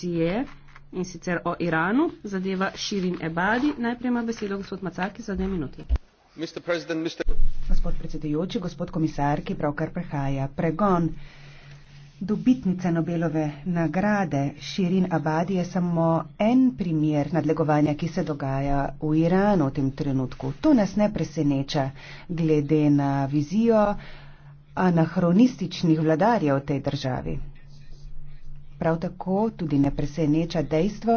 korupcije in sicer o Iranu, zadeva Širin Ebadi. Najprej ima besedo gospod Macaki za dve minuti. Mr. Mr. Gospod predsedujoči, gospod komisar, ki pravkar prehaja pregon. Dobitnica Nobelove nagrade Širin Abadi je samo en primer nadlegovanja, ki se dogaja v Iranu v tem trenutku. To nas ne preseneča glede na vizijo anahronističnih vladarjev v tej državi. Prav tako tudi ne preseneča dejstvo,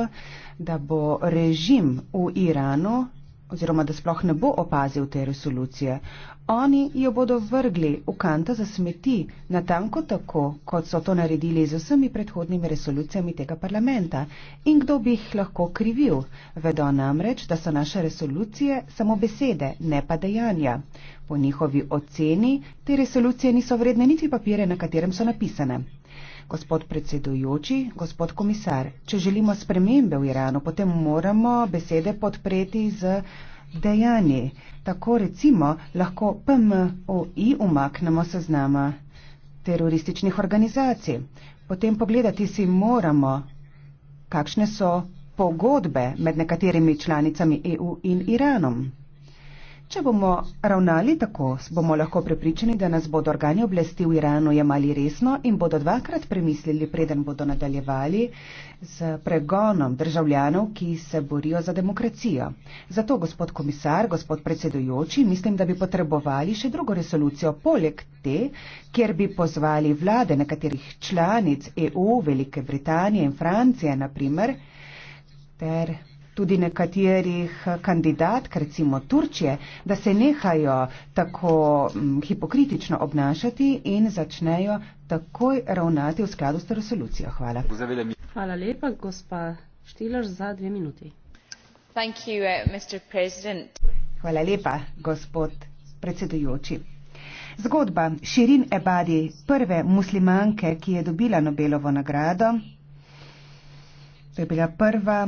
da bo režim v Iranu oziroma da sploh ne bo opazil te resolucije. Oni jo bodo vrgli v kanto za smeti, natanko tako, kot so to naredili z vsemi predhodnimi resolucijami tega parlamenta. In kdo bi jih lahko krivil? Vedo namreč, da so naše resolucije samo besede, ne pa dejanja. Po njihovi oceni te resolucije niso vredne niti papire, na katerem so napisane. Gospod predsedujoči, gospod komisar, če želimo spremembe v Iranu, potem moramo besede podpreti z dejanji. Tako recimo lahko PMOI umaknemo seznama terorističnih organizacij. Potem pogledati si moramo, kakšne so pogodbe med nekaterimi članicami EU in Iranom. Če bomo ravnali tako, bomo lahko prepričani, da nas bodo organi oblasti v Iranu jemali resno in bodo dvakrat premislili, preden bodo nadaljevali z pregonom državljanov, ki se borijo za demokracijo. Zato, gospod komisar, gospod predsedujoči, mislim, da bi potrebovali še drugo resolucijo poleg te, kjer bi pozvali vlade nekaterih članic EU, Velike Britanije in Francije, naprimer, ter tudi nekaterih kandidat, recimo Turčije, da se nehajo tako mm, hipokritično obnašati in začnejo takoj ravnati v skladu s resolucijo. Hvala. Hvala lepa, gospa Štilož, za dve minuti. You, uh, Hvala lepa, gospod predsedujoči. Zgodba Širin Ebadi, prve muslimanke, ki je dobila Nobelovo nagrado, to je bila prva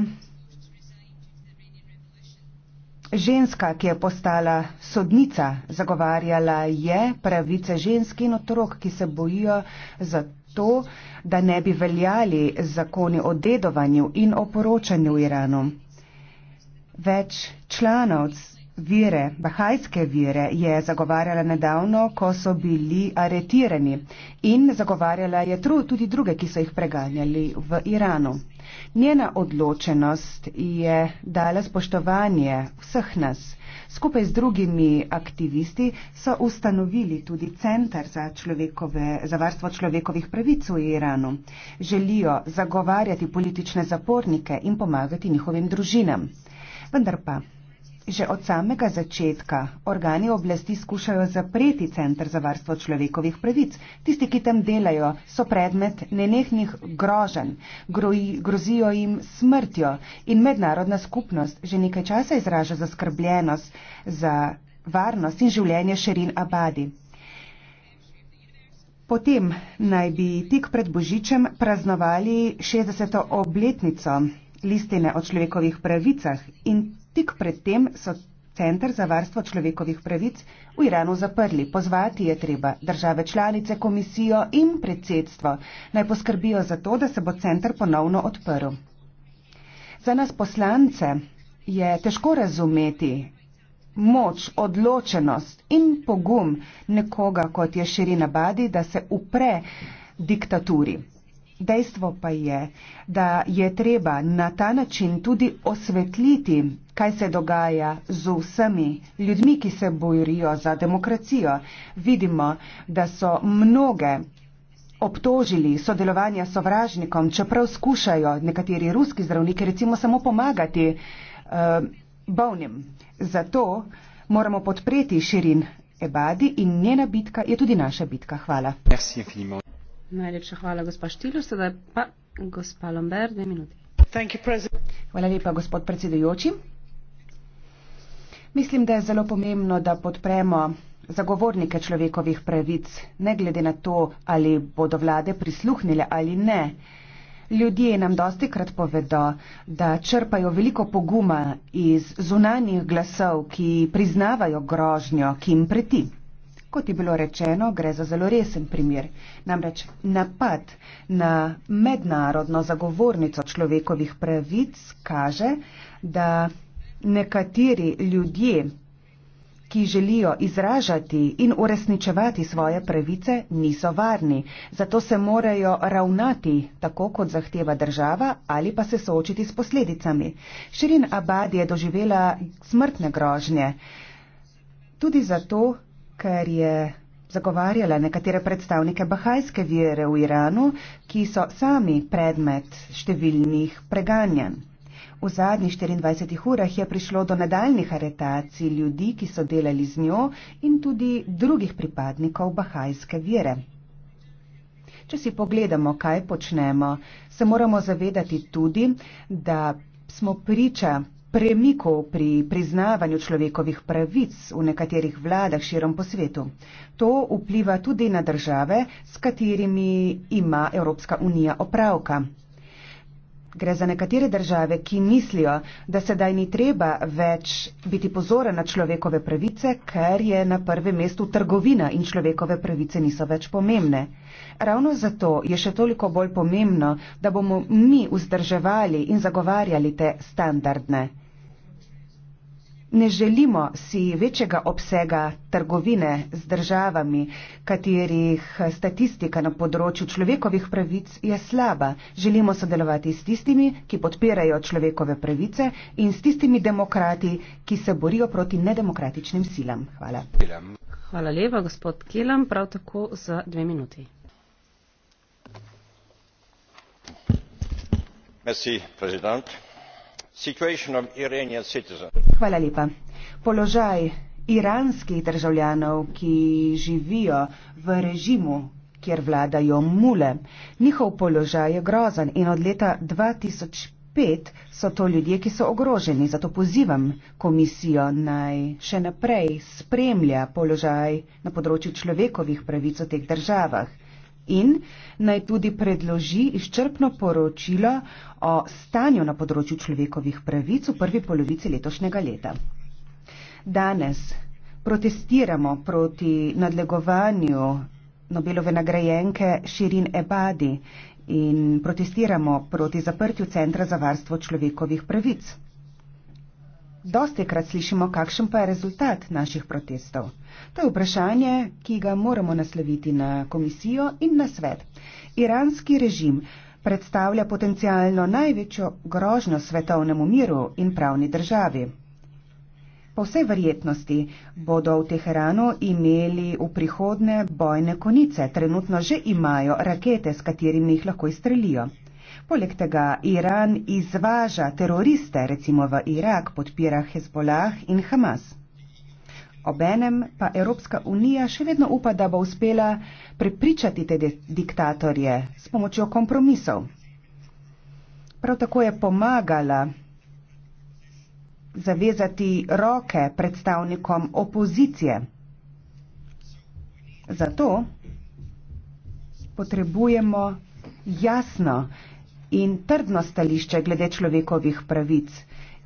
Ženska, ki je postala sodnica, zagovarjala je pravice žensk in otrok, ki se bojijo za to, da ne bi veljali zakoni o dedovanju in o poročanju v Iranu. Več članov vire, bahajske vire, je zagovarjala nedavno, ko so bili aretirani in zagovarjala je tudi druge, ki so jih preganjali v Iranu. Njena odločenost je dala spoštovanje vseh nas. Skupaj z drugimi aktivisti so ustanovili tudi Centr za, za varstvo človekovih pravic v Iranu. Želijo zagovarjati politične zapornike in pomagati njihovim družinam. Vendar pa Že od samega začetka organi oblasti skušajo zapreti Centr za varstvo človekovih pravic. Tisti, ki tam delajo, so predmet nenehnih grožen, groji, grozijo jim smrtjo in mednarodna skupnost že nekaj časa izraža zaskrbljenost za varnost in življenje Šerin Abadi. Potem naj bi tik pred Božičem praznovali 60. obletnico listine o človekovih pravicah in Tik predtem so Center za varstvo človekovih pravic v Iranu zaprli. Pozvati je treba države članice, komisijo in predsedstvo naj poskrbijo za to, da se bo center ponovno odprl. Za nas poslance je težko razumeti moč, odločenost in pogum nekoga, kot je širina Badi, da se upre diktaturi. Dejstvo pa je, da je treba na ta način tudi osvetliti, kaj se dogaja z vsemi ljudmi, ki se bojijo za demokracijo. Vidimo, da so mnoge obtožili sodelovanja s sovražnikom, čeprav skušajo nekateri ruski zdravniki recimo samo pomagati uh, eh, bovnim. Zato moramo podpreti širin Ebadi in njena bitka je tudi naša bitka. Hvala. Merci infiniment. Najlepša hvala, gospa Štilo. Sedaj pa gospa Lomber, dve minuti. Hvala lepa, gospod predsedujoči. Mislim, da je zelo pomembno, da podpremo zagovornike človekovih pravic, ne glede na to, ali bodo vlade prisluhnile ali ne. Ljudje nam dosti krat povedo, da črpajo veliko poguma iz zunanjih glasov, ki priznavajo grožnjo, ki jim preti kot je bilo rečeno, gre za zelo resen primer. Namreč napad na mednarodno zagovornico človekovih pravic kaže, da nekateri ljudje, ki želijo izražati in uresničevati svoje pravice, niso varni. Zato se morajo ravnati tako, kot zahteva država ali pa se soočiti s posledicami. Širin Abadi je doživela smrtne grožnje. Tudi zato, ker je zagovarjala nekatere predstavnike bahajske vere v Iranu, ki so sami predmet številnih preganjanj. V zadnjih 24 urah je prišlo do nadaljnih aretacij ljudi, ki so delali z njo in tudi drugih pripadnikov bahajske vere. Če si pogledamo, kaj počnemo, se moramo zavedati tudi, da smo priča premikov pri priznavanju človekovih pravic v nekaterih vladah širom po svetu. To vpliva tudi na države, s katerimi ima Evropska unija opravka. Gre za nekatere države, ki mislijo, da sedaj ni treba več biti pozoren na človekove pravice, ker je na prvem mestu trgovina in človekove pravice niso več pomembne. Ravno zato je še toliko bolj pomembno, da bomo mi vzdrževali in zagovarjali te standardne. Ne želimo si večjega obsega trgovine z državami, katerih statistika na področju človekovih pravic je slaba. Želimo sodelovati s tistimi, ki podpirajo človekove pravice in s tistimi demokrati, ki se borijo proti nedemokratičnim silam. Hvala. Hvala lepa, gospod Kelam, prav tako za dve minuti. Merci, predsednik položaj iranskih državljanov ki živijo v režimu kjer vladajo mule njihov položaj je grozen in od leta 2005 so to ljudje ki so ogroženi zato pozivam komisijo naj še naprej spremlja položaj na področju človekovih pravic v teh državah in naj tudi predloži izčrpno poročilo o stanju na področju človekovih pravic v prvi polovici letošnjega leta. Danes protestiramo proti nadlegovanju Nobelove nagrajenke Širin Ebadi in protestiramo proti zaprtju Centra za varstvo človekovih pravic. Dosti krat slišimo, kakšen pa je rezultat naših protestov. To je vprašanje, ki ga moramo nasloviti na komisijo in na svet. Iranski režim predstavlja potencialno največjo grožnjo svetovnemu miru in pravni državi. Po vsej verjetnosti bodo v Teheranu imeli v prihodne bojne konice, trenutno že imajo rakete, s katerimi jih lahko izstrelijo. Poleg tega Iran izvaža teroriste, recimo v Irak podpira Hezbollah in Hamas. Obenem pa Evropska unija še vedno upa, da bo uspela prepričati te diktatorje s pomočjo kompromisov. Prav tako je pomagala zavezati roke predstavnikom opozicije. Zato potrebujemo jasno in trdno stališče glede človekovih pravic.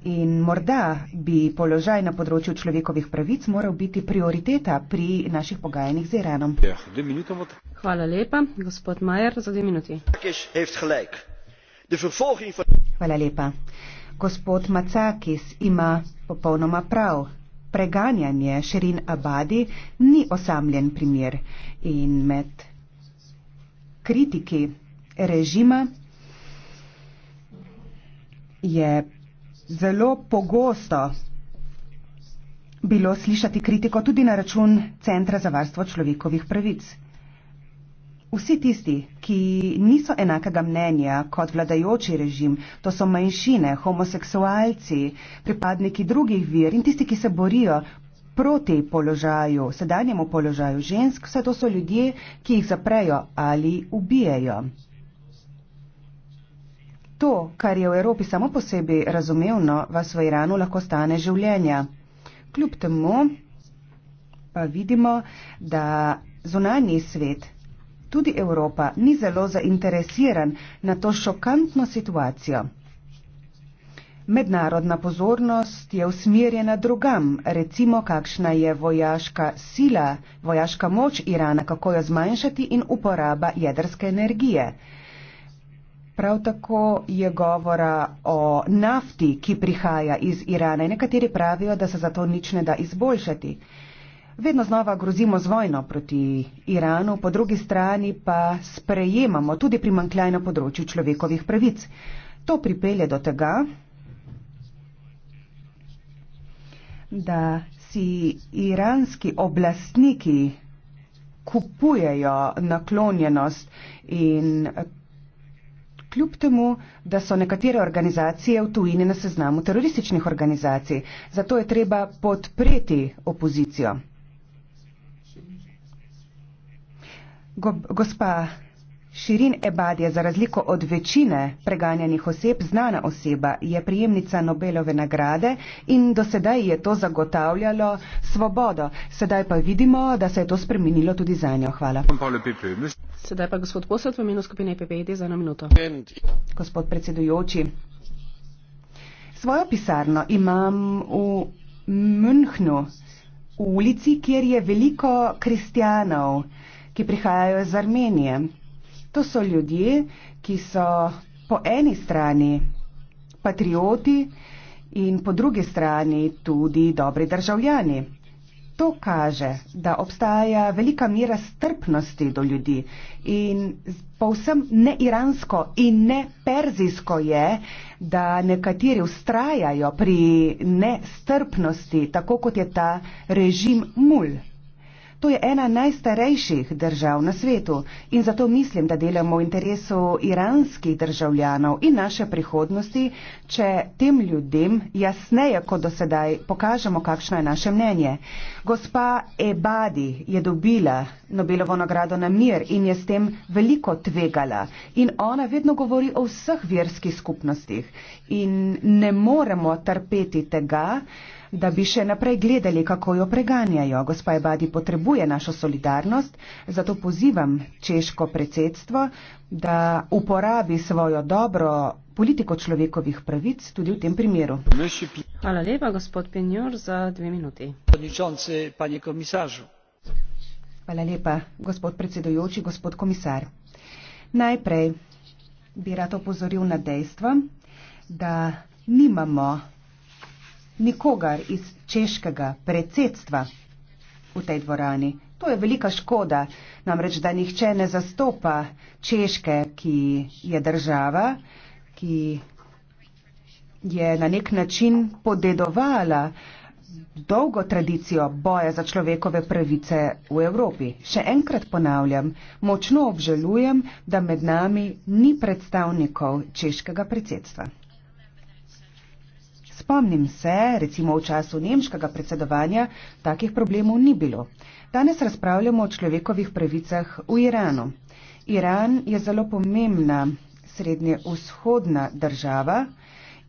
In morda bi položaj na področju človekovih pravic moral biti prioriteta pri naših pogajanjih z Iranom. Ja, Hvala lepa, gospod Majer, za dve minuti. Hvala lepa. Gospod Macakis ima popolnoma prav. Preganjanje Šerin Abadi ni osamljen primer in med kritiki režima je zelo pogosto bilo slišati kritiko tudi na račun Centra za varstvo človekovih pravic. Vsi tisti, ki niso enakega mnenja kot vladajoči režim, to so manjšine, homoseksualci, pripadniki drugih vir in tisti, ki se borijo proti položaju, sedanjemu položaju žensk, vse to so ljudje, ki jih zaprejo ali ubijejo. To, kar je v Evropi samo po sebi razumevno, vas v Iranu lahko stane življenja. Kljub temu pa vidimo, da zunanji svet, tudi Evropa, ni zelo zainteresiran na to šokantno situacijo. Mednarodna pozornost je usmerjena drugam, recimo kakšna je vojaška sila, vojaška moč Irana, kako jo zmanjšati in uporaba jedrske energije. Prav tako je govora o nafti, ki prihaja iz Irana in nekateri pravijo, da se za to nič ne da izboljšati. Vedno znova grozimo z vojno proti Iranu, po drugi strani pa sprejemamo tudi primankljaj na področju človekovih pravic. To pripelje do tega, da si iranski oblastniki kupujejo naklonjenost in kljub temu, da so nekatere organizacije v tujini na seznamu terorističnih organizacij. Zato je treba podpreti opozicijo. Go, gospa Širin Ebad je za razliko od večine preganjanih oseb znana oseba, je prijemnica Nobelove nagrade in dosedaj je to zagotavljalo svobodo. Sedaj pa vidimo, da se je to spremenilo tudi za njo. Hvala. Sedaj pa gospod Posad v imenu skupine e PPD e za eno minuto. Gospod predsedujoči, svojo pisarno imam v Münchnu, v ulici, kjer je veliko kristjanov, ki prihajajo iz Armenije. To so ljudje, ki so po eni strani patrioti in po drugi strani tudi dobri državljani. To kaže, da obstaja velika mera strpnosti do ljudi in povsem ne iransko in ne perzijsko je, da nekateri ustrajajo pri nestrpnosti, tako kot je ta režim mulj. To je ena najstarejših držav na svetu in zato mislim, da delamo v interesu iranskih državljanov in naše prihodnosti, če tem ljudem jasneje kot dosedaj pokažemo, kakšno je naše mnenje. Gospa Ebadi je dobila Nobelovo nagrado na mir in je s tem veliko tvegala in ona vedno govori o vseh verskih skupnostih in ne moremo trpeti tega, da bi še naprej gledali, kako jo preganjajo. Gospa Ebadi potrebuje našo solidarnost, zato pozivam češko predsedstvo, da uporabi svojo dobro politiko človekovih pravic tudi v tem primeru. Hvala lepa, gospod Penjor, za dve minuti. Hvala lepa, gospod predsedujoči, gospod komisar. Najprej bi rad opozoril na dejstvo, da nimamo nikogar iz češkega predsedstva v tej dvorani. To je velika škoda, namreč da nihče ne zastopa češke, ki je država, ki je na nek način podedovala dolgo tradicijo boja za človekove pravice v Evropi. Še enkrat ponavljam, močno obžalujem, da med nami ni predstavnikov češkega predsedstva spomnim se, recimo v času nemškega predsedovanja, takih problemov ni bilo. Danes razpravljamo o človekovih pravicah v Iranu. Iran je zelo pomembna srednje vzhodna država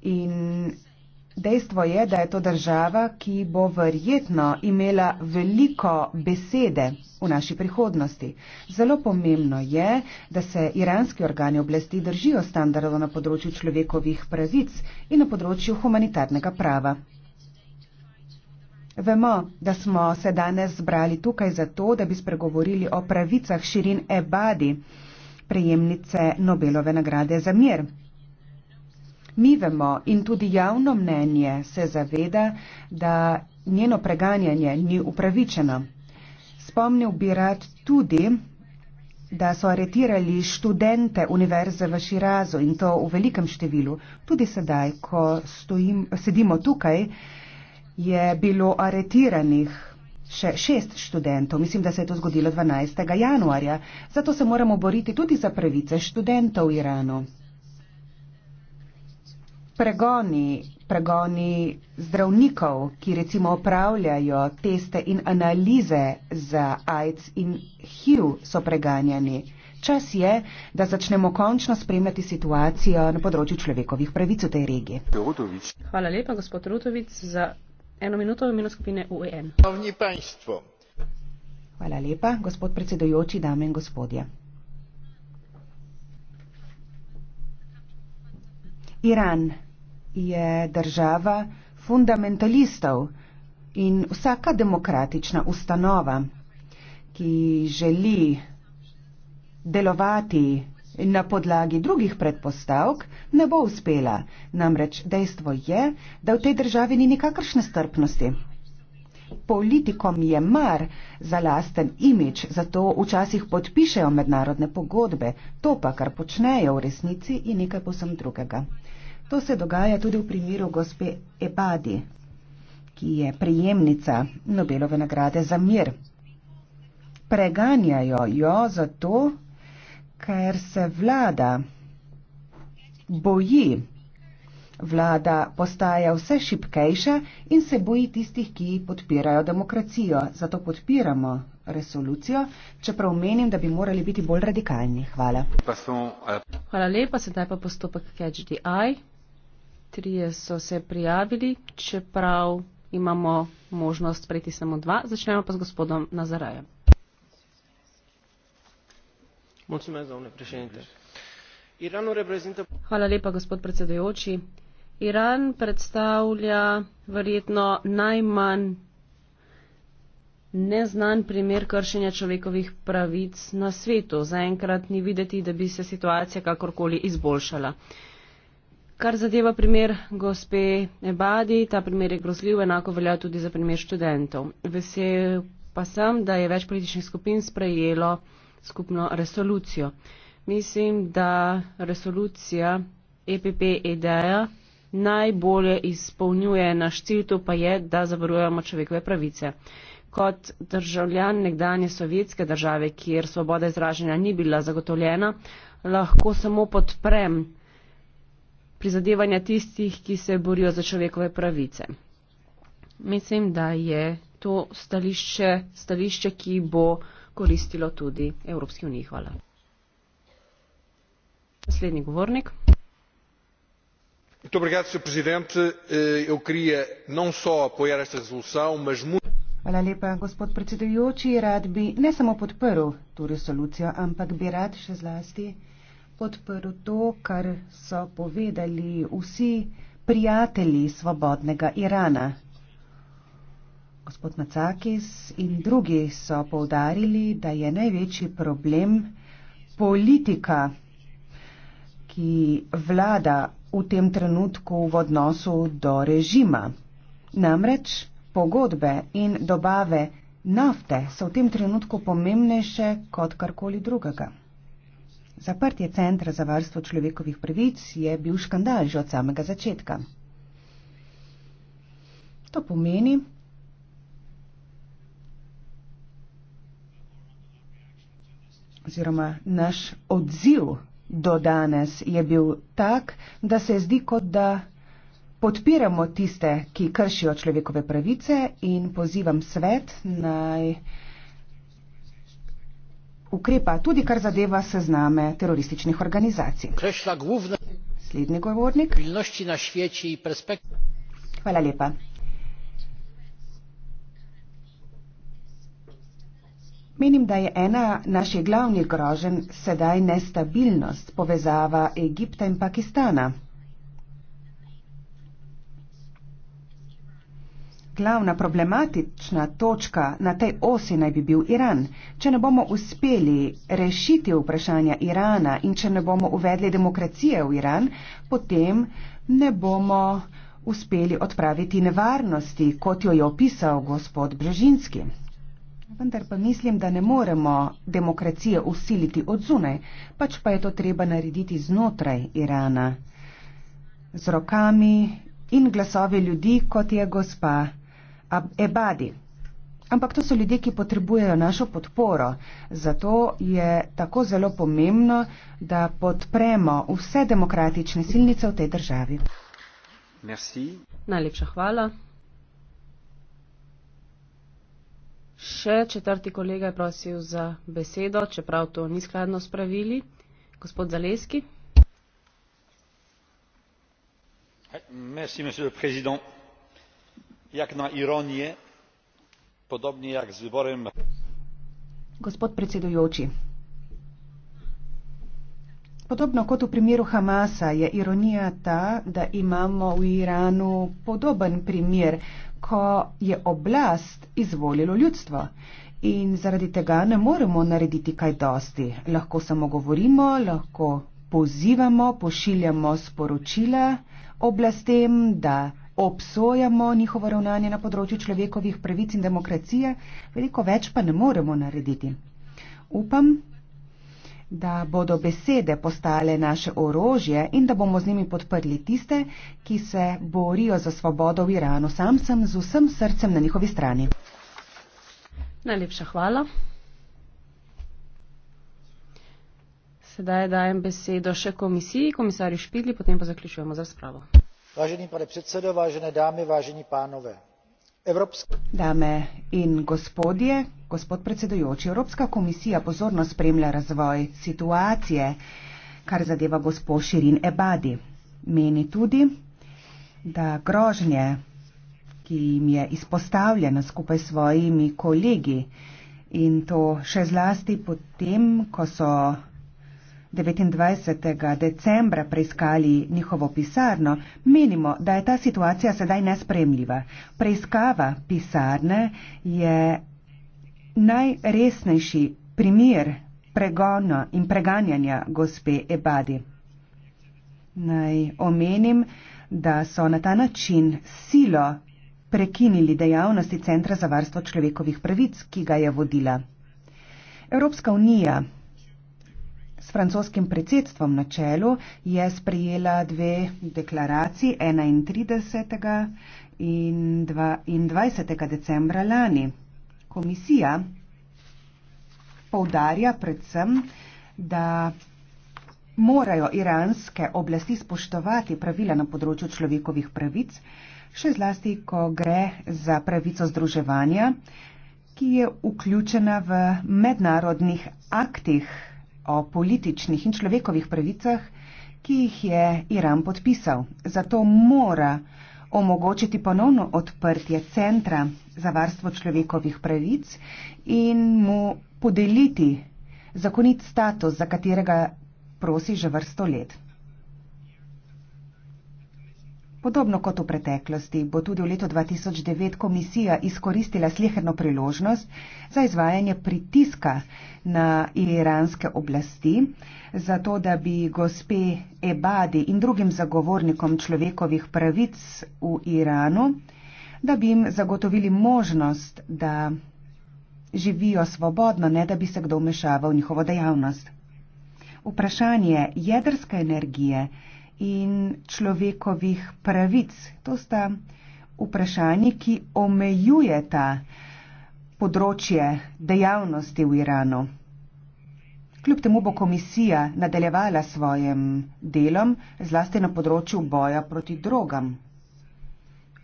in Dejstvo je, da je to država, ki bo verjetno imela veliko besede v naši prihodnosti. Zelo pomembno je, da se iranski organi oblasti držijo standardov na področju človekovih pravic in na področju humanitarnega prava. Vemo, da smo se danes zbrali tukaj zato, da bi spregovorili o pravicah Širin Ebadi, prejemnice Nobelove nagrade za mir. Mi vemo in tudi javno mnenje se zaveda, da njeno preganjanje ni upravičeno. Spomnil bi rad tudi, da so aretirali študente univerze v Širazu in to v velikem številu. Tudi sedaj, ko stojim, sedimo tukaj, je bilo aretiranih še šest študentov. Mislim, da se je to zgodilo 12. januarja. Zato se moramo boriti tudi za pravice študentov v Iranu pregoni, pregoni zdravnikov, ki recimo opravljajo teste in analize za AIDS in HIV, so preganjani. Čas je, da začnemo končno spremljati situacijo na področju človekovih pravic v tej regiji. Hvala lepa, gospod Rutovic, za eno minuto v imenu skupine UN. E Hvala lepa, gospod predsedujoči, dame in gospodje. Iran je država fundamentalistov in vsaka demokratična ustanova, ki želi delovati na podlagi drugih predpostavk, ne bo uspela. Namreč dejstvo je, da v tej državi ni nikakršne strpnosti. Politikom je mar za lasten imič, zato včasih podpišejo mednarodne pogodbe. To pa, kar počnejo v resnici, je nekaj posem drugega. To se dogaja tudi v primeru gospe Ebadi, ki je prejemnica Nobelove nagrade za mir. Preganjajo jo zato, ker se vlada boji. Vlada postaja vse šipkejša in se boji tistih, ki podpirajo demokracijo. Zato podpiramo resolucijo, čeprav menim, da bi morali biti bolj radikalni. Hvala. Hvala lepa, sedaj pa postopek HDI trije so se prijavili, čeprav imamo možnost prejti samo dva. Začnemo pa z gospodom Nazarajem. Hvala lepa, gospod predsedojoči. Iran predstavlja verjetno najmanj neznan primer kršenja človekovih pravic na svetu. Zaenkrat ni videti, da bi se situacija kakorkoli izboljšala. Kar zadeva primer gospe Ebadi, ta primer je grozljiv, enako velja tudi za primer študentov. Vesel pa sem, da je več političnih skupin sprejelo skupno resolucijo. Mislim, da resolucija EPP-EDA najbolje izpolnjuje naš cilj, to pa je, da zavarujemo človekove pravice. Kot državljan nekdanje sovjetske države, kjer svoboda izražanja ni bila zagotovljena, lahko samo podprem prizadevanja tistih, ki se borijo za človekove pravice. Mislim, da je to stališče, stališče ki bo koristilo tudi Evropski uniji. Hvala. Naslednji govornik. Muito obrigado, Sr. Presidente. Eh, eu queria não só apoiar esta resolução, mas muito. Hvala lepa, gospod predsedujoči. Rad bi ne samo podprl to resolucijo, ampak bi rad še zlasti podprl to, kar so povedali vsi prijatelji svobodnega Irana. Gospod Macakis in drugi so povdarili, da je največji problem politika, ki vlada v tem trenutku v odnosu do režima. Namreč pogodbe in dobave nafte so v tem trenutku pomembnejše kot karkoli drugega. Zaprtje centra za varstvo človekovih pravic je bil škandal že od samega začetka. To pomeni, oziroma naš odziv do danes je bil tak, da se zdi, kot da podpiramo tiste, ki kršijo človekove pravice in pozivam svet naj ukrepa tudi kar zadeva sezname terorističnih organizacij. Slednji govornik. Hvala lepa. Menim, da je ena naših glavnih groženj sedaj nestabilnost povezava Egipta in Pakistana. glavna problematična točka na tej osi naj bi bil Iran. Če ne bomo uspeli rešiti vprašanja Irana in če ne bomo uvedli demokracije v Iran, potem ne bomo uspeli odpraviti nevarnosti, kot jo je opisal gospod Brežinski. Vendar pa mislim, da ne moremo demokracije usiliti od zunaj, pač pa je to treba narediti znotraj Irana. Z rokami in glasovi ljudi, kot je gospa Ebadi. Ampak to so ljudje, ki potrebujejo našo podporo. Zato je tako zelo pomembno, da podpremo vse demokratične silnice v tej državi. Merci. Najlepša hvala. Še četrti kolega je prosil za besedo, čeprav to ni skladno s pravili. Gospod Zaleski. Merci, monsieur le président jak na ironię, podobnie jak z wyborem. Gospod predsedujoči. Podobno kot v primeru Hamasa je ironija ta, da imamo v Iranu podoben primer, ko je oblast izvolilo ljudstvo. In zaradi tega ne moremo narediti kaj dosti. Lahko samo govorimo, lahko pozivamo, pošiljamo sporočila oblastem, da obsojamo njihovo ravnanje na področju človekovih pravic in demokracije, veliko več pa ne moremo narediti. Upam, da bodo besede postale naše orožje in da bomo z njimi podprli tiste, ki se borijo za svobodo v Iranu. Sam sem z vsem srcem na njihovi strani. Najlepša hvala. Sedaj dajem besedo še komisiji, komisarju Špidli, potem pa zaključujemo z razpravo vážený pane predsedo vážené dámy vážení pánové Dame in gospodje, gospod predsedujoči, Evropska komisija pozorno spremlja razvoj situacije, kar zadeva gospod Širin Ebadi. Meni tudi, da grožnje, ki jim je izpostavljena skupaj s svojimi kolegi in to še zlasti potem, ko so 29. decembra preiskali njihovo pisarno, menimo, da je ta situacija sedaj nespremljiva. Preiskava pisarne je najresnejši primir pregona in preganjanja gospe Ebadi. Naj omenim, da so na ta način silo prekinili dejavnosti Centra za varstvo človekovih pravic, ki ga je vodila. Evropska unija francoskim predsedstvom na čelu je sprejela dve deklaraciji 31. in 22. decembra lani. Komisija poudarja predvsem, da morajo iranske oblasti spoštovati pravila na področju človekovih pravic, še zlasti, ko gre za pravico združevanja, ki je vključena v mednarodnih aktih o političnih in človekovih pravicah, ki jih je Iran podpisal. Zato mora omogočiti ponovno odprtje centra za varstvo človekovih pravic in mu podeliti zakonit status, za katerega prosi že vrsto let. Podobno kot v preteklosti bo tudi v letu 2009 komisija izkoristila sleherno priložnost za izvajanje pritiska na iranske oblasti, zato da bi gospe Ebadi in drugim zagovornikom človekovih pravic v Iranu, da bi jim zagotovili možnost, da živijo svobodno, ne da bi se kdo vmešaval v njihovo dejavnost. Vprašanje jedrske energije in človekovih pravic. To sta vprašanji, ki omejujeta področje dejavnosti v Iranu. Kljub temu bo komisija nadaljevala svojim delom, zlasti na področju boja proti drogam.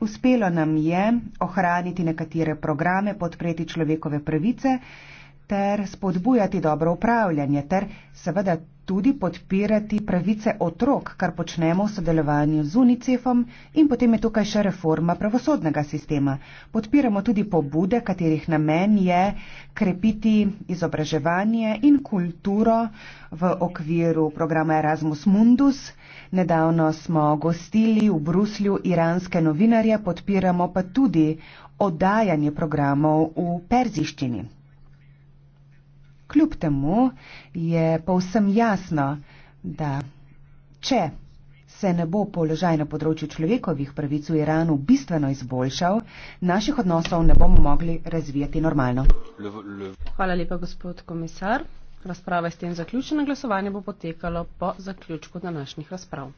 Uspelo nam je ohraniti nekatere programe, podpreti človekove pravice ter spodbujati dobro upravljanje ter seveda tudi podpirati pravice otrok, kar počnemo v sodelovanju z UNICEF-om in potem je tukaj še reforma pravosodnega sistema. Podpiramo tudi pobude, katerih namen je krepiti izobraževanje in kulturo v okviru programa Erasmus Mundus. Nedavno smo gostili v Bruslju iranske novinarje, podpiramo pa tudi oddajanje programov v perziščini. Kljub temu je povsem jasno, da če se ne bo položaj na področju človekovih pravic v Iranu bistveno izboljšal, naših odnosov ne bomo mogli razvijati normalno. Hvala lepa, gospod komisar. Razprava je s tem zaključena. Glasovanje bo potekalo po zaključku današnjih razprav.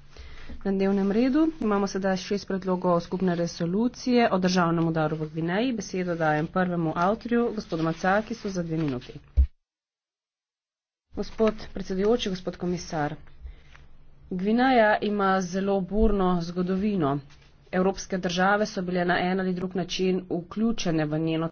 Na dnevnem redu imamo sedaj šest predlogov skupne resolucije o državnem udaru v Gvineji. Besedo dajem prvemu avtorju, gospodu Macakisu, za dve minuti. Gospod predsedujoči, gospod komisar, Gvineja ima zelo burno zgodovino. Evropske države so bile na en ali drug način vključene v njeno.